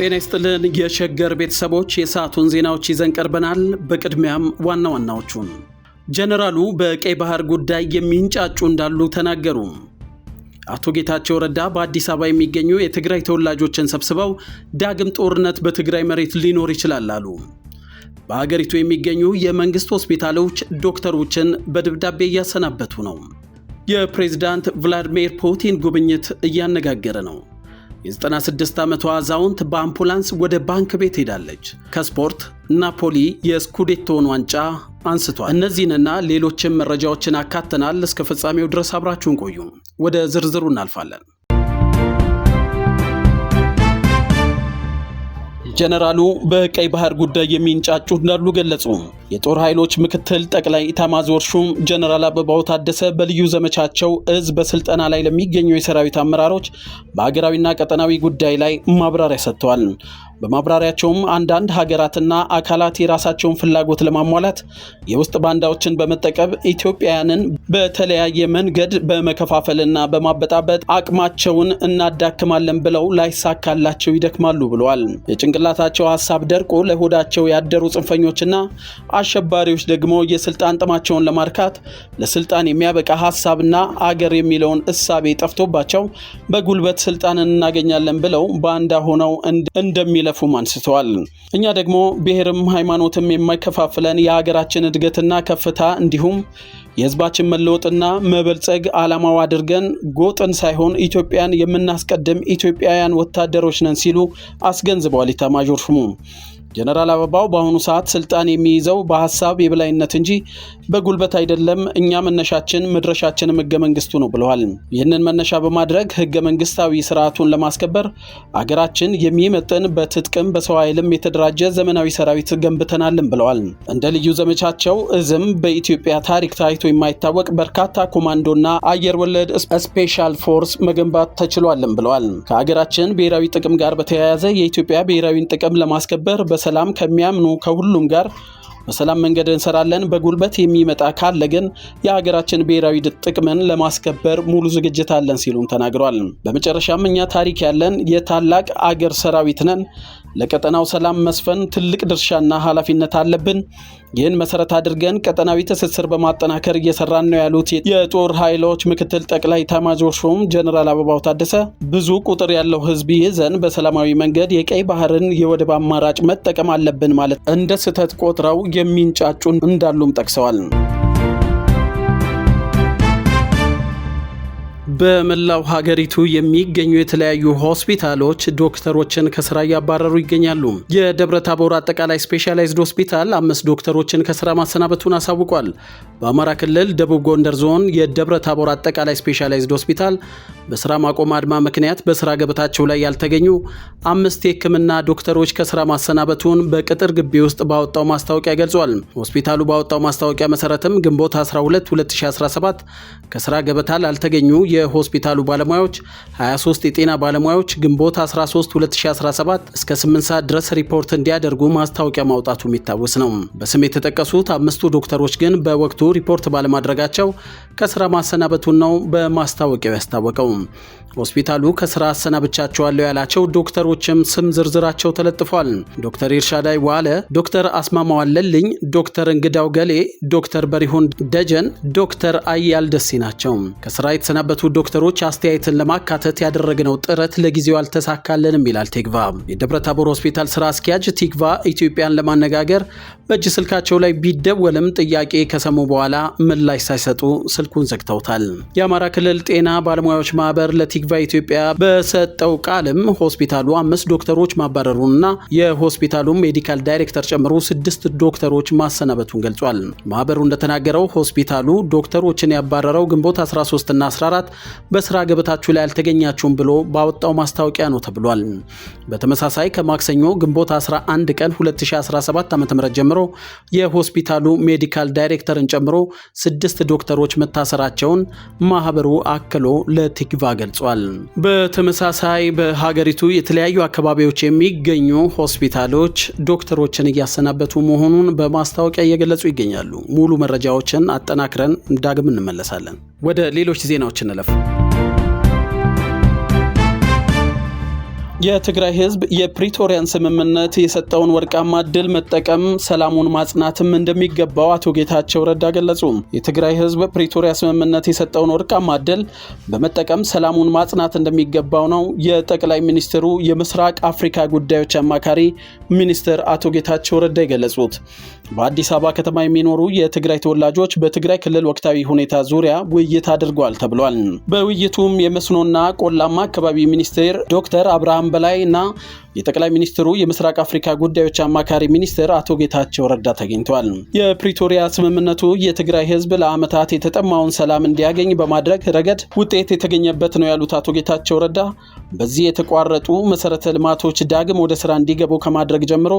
ጤና ይስጥልን የሸገር ቤተሰቦች፣ የሰዓቱን ዜናዎች ይዘን ቀርበናል። በቅድሚያም ዋና ዋናዎቹን። ጀነራሉ በቀይ ባህር ጉዳይ የሚንጫጩ እንዳሉ ተናገሩ። አቶ ጌታቸው ረዳ በአዲስ አበባ የሚገኙ የትግራይ ተወላጆችን ሰብስበው ዳግም ጦርነት በትግራይ መሬት ሊኖር ይችላል አሉ። በአገሪቱ የሚገኙ የመንግስት ሆስፒታሎች ዶክተሮችን በደብዳቤ እያሰናበቱ ነው። የፕሬዝዳንት ቭላዲሚር ፑቲን ጉብኝት እያነጋገረ ነው። የ96 ዓመቷ አዛውንት በአምቡላንስ ወደ ባንክ ቤት ሄዳለች። ከስፖርት ናፖሊ የስኩዴቶን ዋንጫ አንስቷል። እነዚህንና ሌሎችም መረጃዎችን አካተናል። እስከ ፍጻሜው ድረስ አብራችሁን ቆዩ። ወደ ዝርዝሩ እናልፋለን። ጀነራሉ በቀይ ባህር ጉዳይ የሚንጫጩ እንዳሉ ገለጹ። የጦር ኃይሎች ምክትል ጠቅላይ ኢታማዦር ሹም ጀነራል አበባው ታደሰ በልዩ ዘመቻቸው እዝ በስልጠና ላይ ለሚገኙ የሰራዊት አመራሮች በሀገራዊና ቀጠናዊ ጉዳይ ላይ ማብራሪያ ሰጥተዋል። በማብራሪያቸውም አንዳንድ ሀገራትና አካላት የራሳቸውን ፍላጎት ለማሟላት የውስጥ ባንዳዎችን በመጠቀም ኢትዮጵያውያንን በተለያየ መንገድ በመከፋፈልና በማበጣበጥ አቅማቸውን እናዳክማለን ብለው ላይሳካላቸው ይደክማሉ ብለዋል። የጭንቅላታቸው ሀሳብ ደርቆ ለሆዳቸው ያደሩ ጽንፈኞችና አሸባሪዎች ደግሞ የስልጣን ጥማቸውን ለማርካት ለስልጣን የሚያበቃ ሀሳብና አገር የሚለውን እሳቤ ጠፍቶባቸው በጉልበት ስልጣንን እናገኛለን ብለው ባንዳ ሆነው እንደሚለ ሲለፉም አንስተዋል። እኛ ደግሞ ብሔርም ሃይማኖትም የማይከፋፍለን የሀገራችን እድገትና ከፍታ እንዲሁም የህዝባችን መለወጥና መበልጸግ ዓላማው አድርገን ጎጥን ሳይሆን ኢትዮጵያን የምናስቀድም ኢትዮጵያውያን ወታደሮች ነን ሲሉ አስገንዝበዋል ኢታማዦር ሹሙ። ጀነራል አበባው በአሁኑ ሰዓት ስልጣን የሚይዘው በሀሳብ የበላይነት እንጂ በጉልበት አይደለም፣ እኛ መነሻችን መድረሻችንም ህገ መንግስቱ ነው ብለዋል። ይህንን መነሻ በማድረግ ህገ መንግስታዊ ስርዓቱን ለማስከበር አገራችን የሚመጥን በትጥቅም በሰው ኃይልም የተደራጀ ዘመናዊ ሰራዊት ገንብተናልም ብለዋል። እንደ ልዩ ዘመቻቸው እዝም በኢትዮጵያ ታሪክ ታይቶ የማይታወቅ በርካታ ኮማንዶና አየር ወለድ ስፔሻል ፎርስ መገንባት ተችሏልም ብለዋል። ከአገራችን ብሔራዊ ጥቅም ጋር በተያያዘ የኢትዮጵያ ብሔራዊን ጥቅም ለማስከበር በሰላም ከሚያምኑ ከሁሉም ጋር በሰላም መንገድ እንሰራለን። በጉልበት የሚመጣ ካለ ግን የሀገራችን ብሔራዊ ጥቅምን ለማስከበር ሙሉ ዝግጅት አለን ሲሉም ተናግሯል። በመጨረሻም እኛ ታሪክ ያለን የታላቅ አገር ሰራዊት ነን። ለቀጠናው ሰላም መስፈን ትልቅ ድርሻና ኃላፊነት አለብን። ይህን መሰረት አድርገን ቀጠናዊ ትስስር በማጠናከር እየሰራን ነው ያሉት የጦር ኃይሎች ምክትል ጠቅላይ ኤታማዦር ሹም ጀኔራል አበባው ታደሰ ብዙ ቁጥር ያለው ሕዝብ ይዘን በሰላማዊ መንገድ የቀይ ባህርን የወደብ አማራጭ መጠቀም አለብን ማለት እንደ ስህተት ቆጥረው የሚንጫጩን እንዳሉም ጠቅሰዋል። በመላው ሀገሪቱ የሚገኙ የተለያዩ ሆስፒታሎች ዶክተሮችን ከስራ እያባረሩ ይገኛሉ። የደብረ ታቦር አጠቃላይ ስፔሻላይዝድ ሆስፒታል አምስት ዶክተሮችን ከስራ ማሰናበቱን አሳውቋል። በአማራ ክልል ደቡብ ጎንደር ዞን የደብረ ታቦር አጠቃላይ ስፔሻላይዝድ ሆስፒታል በስራ ማቆም አድማ ምክንያት በስራ ገበታቸው ላይ ያልተገኙ አምስት የሕክምና ዶክተሮች ከስራ ማሰናበቱን በቅጥር ግቢ ውስጥ ባወጣው ማስታወቂያ ገልጿል። ሆስፒታሉ ባወጣው ማስታወቂያ መሰረትም ግንቦት 12 2017 ከስራ ገበታ ላልተገኙ የሆስፒታሉ ባለሙያዎች 23 የጤና ባለሙያዎች ግንቦት 13 2017 እስከ 8 ሰዓት ድረስ ሪፖርት እንዲያደርጉ ማስታወቂያ ማውጣቱ የሚታወስ ነው። በስም የተጠቀሱት አምስቱ ዶክተሮች ግን በወቅቱ ሪፖርት ባለማድረጋቸው ከስራ ማሰናበቱን ነው በማስታወቂያው ያስታወቀው። ሆስፒታሉ ከስራ አሰናብቻቸዋለሁ ያላቸው ዶክተሮችም ስም ዝርዝራቸው ተለጥፏል። ዶክተር ኤርሻዳይ ዋለ፣ ዶክተር አስማማው አለልኝ፣ ዶክተር እንግዳው ገሌ፣ ዶክተር በሪሆን ደጀን፣ ዶክተር አያል ደሴ ናቸው። ከስራ የተሰናበቱ ዶክተሮች አስተያየትን ለማካተት ያደረግነው ጥረት ለጊዜው አልተሳካለንም ይላል ቲግቫ። ታቦር ሆስፒታል ስራ አስኪያጅ ቲግቫ ኢትዮጵያን ለማነጋገር በእጅ ስልካቸው ላይ ቢደወልም ጥያቄ ከሰሙ በኋላ ምላሽ ሳይሰጡ ስልኩን ዘግተውታል። የአማራ ክልል ጤና ባለሙያዎች ማህበር ለቲግቫ ኢትዮጵያ በሰጠው ቃልም ሆስፒታሉ አምስት ዶክተሮች ማባረሩንና የሆስፒታሉ ሜዲካል ዳይሬክተር ጨምሮ ስድስት ዶክተሮች ማሰናበቱን ገልጿል። ማህበሩ እንደተናገረው ሆስፒታሉ ዶክተሮችን ያባረረው ግንቦት 13 እና 14 በስራ ገበታችሁ ላይ አልተገኛችሁም ብሎ ባወጣው ማስታወቂያ ነው ተብሏል። በተመሳሳይ ከማክሰኞ ግንቦት 11 ቀን 2017 ዓ.ም ጀምሮ የሆስፒታሉ ሜዲካል ዳይሬክተርን ጨምሮ ስድስት ዶክተሮች መታሰራቸውን ማህበሩ አክሎ ለቲክቫ ገልጿል። በተመሳሳይ በሀገሪቱ የተለያዩ አካባቢዎች የሚገኙ ሆስፒታሎች ዶክተሮችን እያሰናበቱ መሆኑን በማስታወቂያ እየገለጹ ይገኛሉ። ሙሉ መረጃዎችን አጠናክረን ዳግም እንመለሳለን። ወደ ሌሎች ዜናዎች እንለፍ። love. የትግራይ ህዝብ የፕሪቶሪያን ስምምነት የሰጠውን ወርቃማ እድል መጠቀም ሰላሙን ማጽናትም እንደሚገባው አቶ ጌታቸው ረዳ ገለጹ። የትግራይ ህዝብ ፕሪቶሪያ ስምምነት የሰጠውን ወርቃማ እድል በመጠቀም ሰላሙን ማጽናት እንደሚገባው ነው የጠቅላይ ሚኒስትሩ የምስራቅ አፍሪካ ጉዳዮች አማካሪ ሚኒስትር አቶ ጌታቸው ረዳ የገለጹት። በአዲስ አበባ ከተማ የሚኖሩ የትግራይ ተወላጆች በትግራይ ክልል ወቅታዊ ሁኔታ ዙሪያ ውይይት አድርጓል ተብሏል። በውይይቱም የመስኖና ቆላማ አካባቢ ሚኒስቴር ዶክተር አብርሃም ከዚያም በላይ እና የጠቅላይ ሚኒስትሩ የምስራቅ አፍሪካ ጉዳዮች አማካሪ ሚኒስትር አቶ ጌታቸው ረዳ ተገኝተዋል። የፕሪቶሪያ ስምምነቱ የትግራይ ህዝብ ለዓመታት የተጠማውን ሰላም እንዲያገኝ በማድረግ ረገድ ውጤት የተገኘበት ነው ያሉት አቶ ጌታቸው ረዳ በዚህ የተቋረጡ መሰረተ ልማቶች ዳግም ወደ ስራ እንዲገቡ ከማድረግ ጀምሮ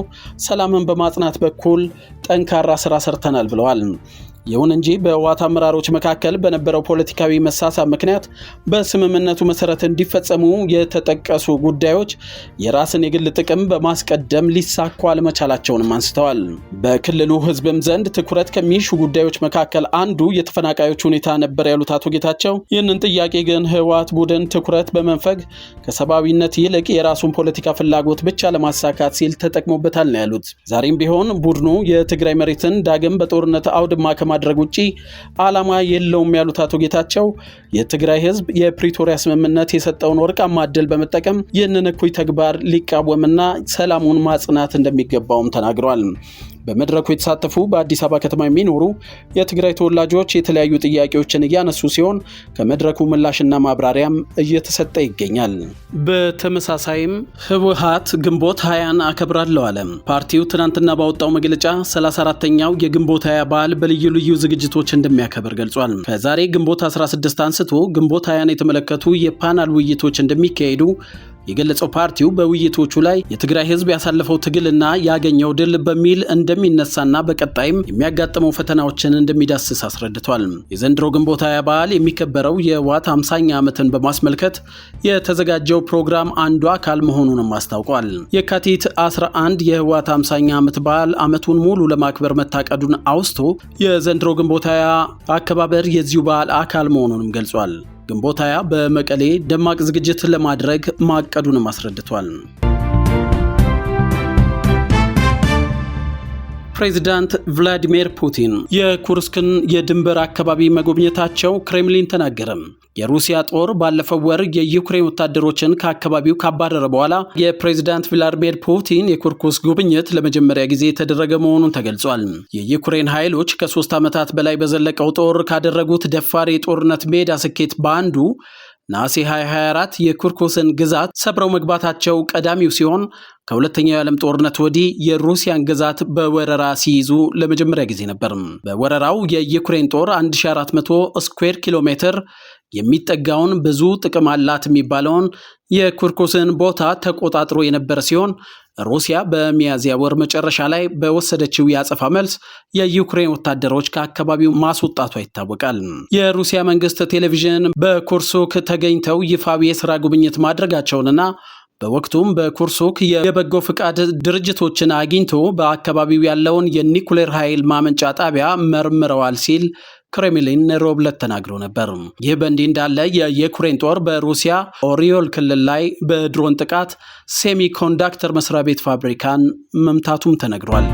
ሰላምን በማጽናት በኩል ጠንካራ ስራ ሰርተናል ብለዋል። ይሁን እንጂ በህወሓት አመራሮች መካከል በነበረው ፖለቲካዊ መሳሳብ ምክንያት በስምምነቱ መሰረት እንዲፈጸሙ የተጠቀሱ ጉዳዮች የራስን የግል ጥቅም በማስቀደም ሊሳኩ አለመቻላቸውንም አንስተዋል። በክልሉ ህዝብም ዘንድ ትኩረት ከሚሹ ጉዳዮች መካከል አንዱ የተፈናቃዮች ሁኔታ ነበር ያሉት አቶ ጌታቸው ይህንን ጥያቄ ግን ህወሓት ቡድን ትኩረት በመንፈግ ከሰብአዊነት ይልቅ የራሱን ፖለቲካ ፍላጎት ብቻ ለማሳካት ሲል ተጠቅሞበታል ነው ያሉት። ዛሬም ቢሆን ቡድኑ የትግራይ መሬትን ዳግም በጦርነት አውድማ ከማድረግ ውጪ ዓላማ የለውም ያሉት አቶ ጌታቸው የትግራይ ህዝብ የፕሪቶሪያ ስምምነት የሰጠውን ወርቃማ እድል በመጠቀም ይህንን እኩይ ተግባር ሊቃወምና ሰላሙን ማጽናት እንደሚገባውም ተናግረዋል። በመድረኩ የተሳተፉ በአዲስ አበባ ከተማ የሚኖሩ የትግራይ ተወላጆች የተለያዩ ጥያቄዎችን እያነሱ ሲሆን ከመድረኩ ምላሽና ማብራሪያም እየተሰጠ ይገኛል። በተመሳሳይም ህወሓት ግንቦት ሀያን አከብራለሁ አለ። ፓርቲው ትናንትና ባወጣው መግለጫ 34ተኛው የግንቦት ሀያ በዓል በልዩ ልዩ ዝግጅቶች እንደሚያከብር ገልጿል። ከዛሬ ግንቦት 16 አንስቶ ግንቦት ሀያን የተመለከቱ የፓናል ውይይቶች እንደሚካሄዱ የገለጸው ፓርቲው በውይይቶቹ ላይ የትግራይ ህዝብ ያሳለፈው ትግልና ያገኘው ድል በሚል እንደሚነሳና በቀጣይም የሚያጋጥመው ፈተናዎችን እንደሚዳስስ አስረድቷል። የዘንድሮ ግንቦት ሃያ በዓል የሚከበረው የህወሓት አምሳኛ ዓመትን በማስመልከት የተዘጋጀው ፕሮግራም አንዱ አካል መሆኑንም አስታውቋል። የካቲት 11 የህወሓት 5 ኛ ዓመት በዓል ዓመቱን ሙሉ ለማክበር መታቀዱን አውስቶ የዘንድሮ ግንቦት ሃያ አከባበር የዚሁ በዓል አካል መሆኑንም ገልጿል። ግንቦት ሃያ በመቀሌ ደማቅ ዝግጅት ለማድረግ ማቀዱንም አስረድቷል። ፕሬዚዳንት ቭላዲሚር ፑቲን የኩርስክን የድንበር አካባቢ መጎብኘታቸው ክሬምሊን ተናገረም። የሩሲያ ጦር ባለፈው ወር የዩክሬን ወታደሮችን ከአካባቢው ካባረረ በኋላ የፕሬዚዳንት ቭላዲሚር ፑቲን የኩርኩስ ጉብኝት ለመጀመሪያ ጊዜ የተደረገ መሆኑን ተገልጿል። የዩክሬን ኃይሎች ከሶስት ዓመታት በላይ በዘለቀው ጦር ካደረጉት ደፋሪ የጦርነት ሜዳ ስኬት በአንዱ ነሐሴ 224 የኩርኩስን ግዛት ሰብረው መግባታቸው ቀዳሚው ሲሆን ከሁለተኛው የዓለም ጦርነት ወዲህ የሩሲያን ግዛት በወረራ ሲይዙ ለመጀመሪያ ጊዜ ነበር። በወረራው የዩክሬን ጦር 1400 ስኩዌር ኪሎ ሜትር የሚጠጋውን ብዙ ጥቅም አላት የሚባለውን የኩርኩስን ቦታ ተቆጣጥሮ የነበረ ሲሆን ሩሲያ በሚያዝያ ወር መጨረሻ ላይ በወሰደችው የአጸፋ መልስ የዩክሬን ወታደሮች ከአካባቢው ማስወጣቷ ይታወቃል። የሩሲያ መንግስት ቴሌቪዥን በኩርሱክ ተገኝተው ይፋዊ የስራ ጉብኝት ማድረጋቸውንና በወቅቱም በኩርሱክ የበጎ ፍቃድ ድርጅቶችን አግኝቶ በአካባቢው ያለውን የኒኩሌር ኃይል ማመንጫ ጣቢያ መርምረዋል ሲል ክሬምሊን ሮብለት ተናግሮ ነበር። ይህ በእንዲህ እንዳለ የዩክሬን ጦር በሩሲያ ኦሪዮል ክልል ላይ በድሮን ጥቃት ሴሚኮንዳክተር መስሪያ ቤት ፋብሪካን መምታቱም ተነግሯል።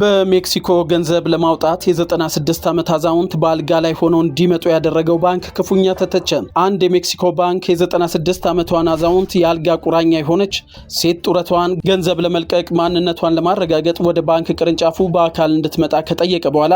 በሜክሲኮ ገንዘብ ለማውጣት የ96 ዓመት አዛውንት በአልጋ ላይ ሆነው እንዲመጡ ያደረገው ባንክ ክፉኛ ተተቸ። አንድ የሜክሲኮ ባንክ የ96 ዓመቷን አዛውንት የአልጋ ቁራኛ የሆነች ሴት ጡረቷን ገንዘብ ለመልቀቅ ማንነቷን ለማረጋገጥ ወደ ባንክ ቅርንጫፉ በአካል እንድትመጣ ከጠየቀ በኋላ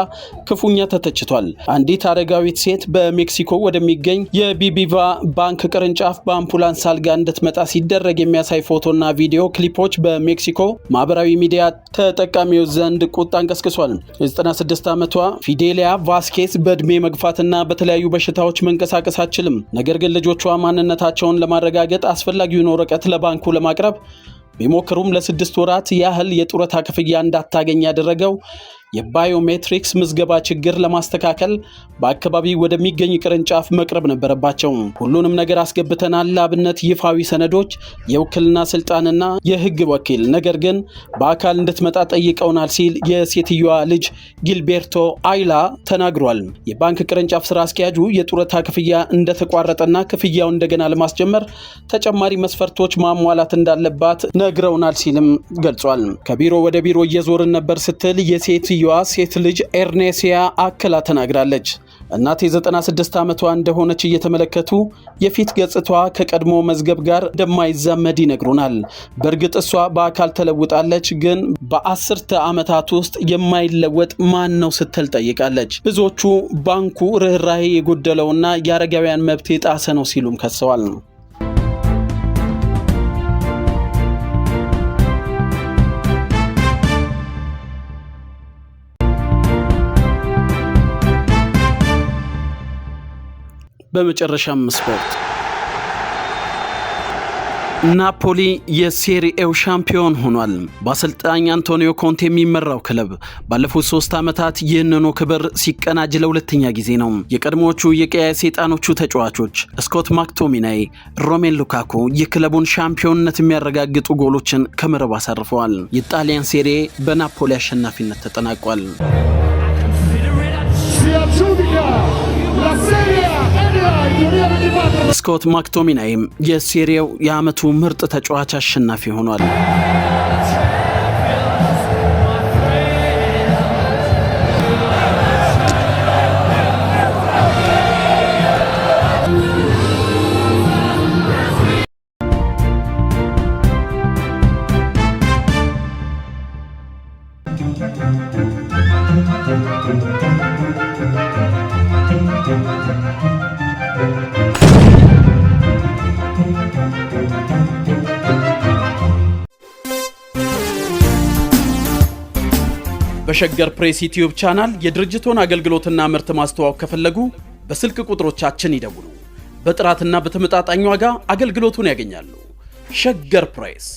ክፉኛ ተተችቷል። አንዲት አረጋዊት ሴት በሜክሲኮ ወደሚገኝ የቢቢቫ ባንክ ቅርንጫፍ በአምፑላንስ አልጋ እንድትመጣ ሲደረግ የሚያሳይ ፎቶና ቪዲዮ ክሊፖች በሜክሲኮ ማህበራዊ ሚዲያ ተጠቃሚዎች ዘንድ ትልቅ ቁጣ እንቀስቅሷል የ የ96 ዓመቷ ፊዴሊያ ቫስኬስ በዕድሜ መግፋትና በተለያዩ በሽታዎች መንቀሳቀስ አትችልም። ነገር ግን ልጆቿ ማንነታቸውን ለማረጋገጥ አስፈላጊውን ወረቀት ለባንኩ ለማቅረብ ቢሞክሩም ለስድስት ወራት ያህል የጡረታ ክፍያ እንዳታገኝ ያደረገው የባዮሜትሪክስ ምዝገባ ችግር ለማስተካከል በአካባቢ ወደሚገኝ ቅርንጫፍ መቅረብ ነበረባቸው። ሁሉንም ነገር አስገብተናል። ለአብነት ይፋዊ ሰነዶች፣ የውክልና ስልጣንና የህግ ወኪል፣ ነገር ግን በአካል እንድትመጣ ጠይቀውናል ሲል የሴትዮዋ ልጅ ጊልቤርቶ አይላ ተናግሯል። የባንክ ቅርንጫፍ ስራ አስኪያጁ የጡረታ ክፍያ እንደተቋረጠና ክፍያው እንደገና ለማስጀመር ተጨማሪ መስፈርቶች ማሟላት እንዳለባት ነግረውናል ሲልም ገልጿል። ከቢሮ ወደ ቢሮ እየዞርን ነበር ስትል የሴት የመንትዮዋ ሴት ልጅ ኤርኔሲያ አክላ ተናግራለች። እናቴ 96 ዓመቷ እንደሆነች እየተመለከቱ የፊት ገጽቷ ከቀድሞ መዝገብ ጋር እንደማይዛመድ ይነግሩናል። በእርግጥ እሷ በአካል ተለውጣለች፣ ግን በአስርተ ዓመታት ውስጥ የማይለወጥ ማን ነው ስትል ጠይቃለች። ብዙዎቹ ባንኩ ርኅራሄ የጎደለውና የአረጋውያን መብት የጣሰ ነው ሲሉም ከሰዋል። በመጨረሻም ስፖርት ናፖሊ የሴሪኤው ሻምፒዮን ሆኗል። በአሰልጣኝ አንቶኒዮ ኮንቴ የሚመራው ክለብ ባለፉት ሶስት ዓመታት ይህንኑ ክብር ሲቀናጅ ለሁለተኛ ጊዜ ነው። የቀድሞዎቹ የቀያ ሰይጣኖቹ ተጫዋቾች ስኮት ማክቶሚናይ፣ ሮሜን ሉካኩ የክለቡን ሻምፒዮንነት የሚያረጋግጡ ጎሎችን ከመረብ አሳርፈዋል። የጣሊያን ሴሪኤ በናፖሊ አሸናፊነት ተጠናቋል። ስኮት ማክቶሚናይም የሴሪያው የዓመቱ ምርጥ ተጫዋች አሸናፊ ሆኗል። በሸገር ፕሬስ ዩቲዩብ ቻናል የድርጅቱን አገልግሎትና ምርት ማስተዋወቅ ከፈለጉ በስልክ ቁጥሮቻችን ይደውሉ። በጥራትና በተመጣጣኝ ዋጋ አገልግሎቱን ያገኛሉ። ሸገር ፕሬስ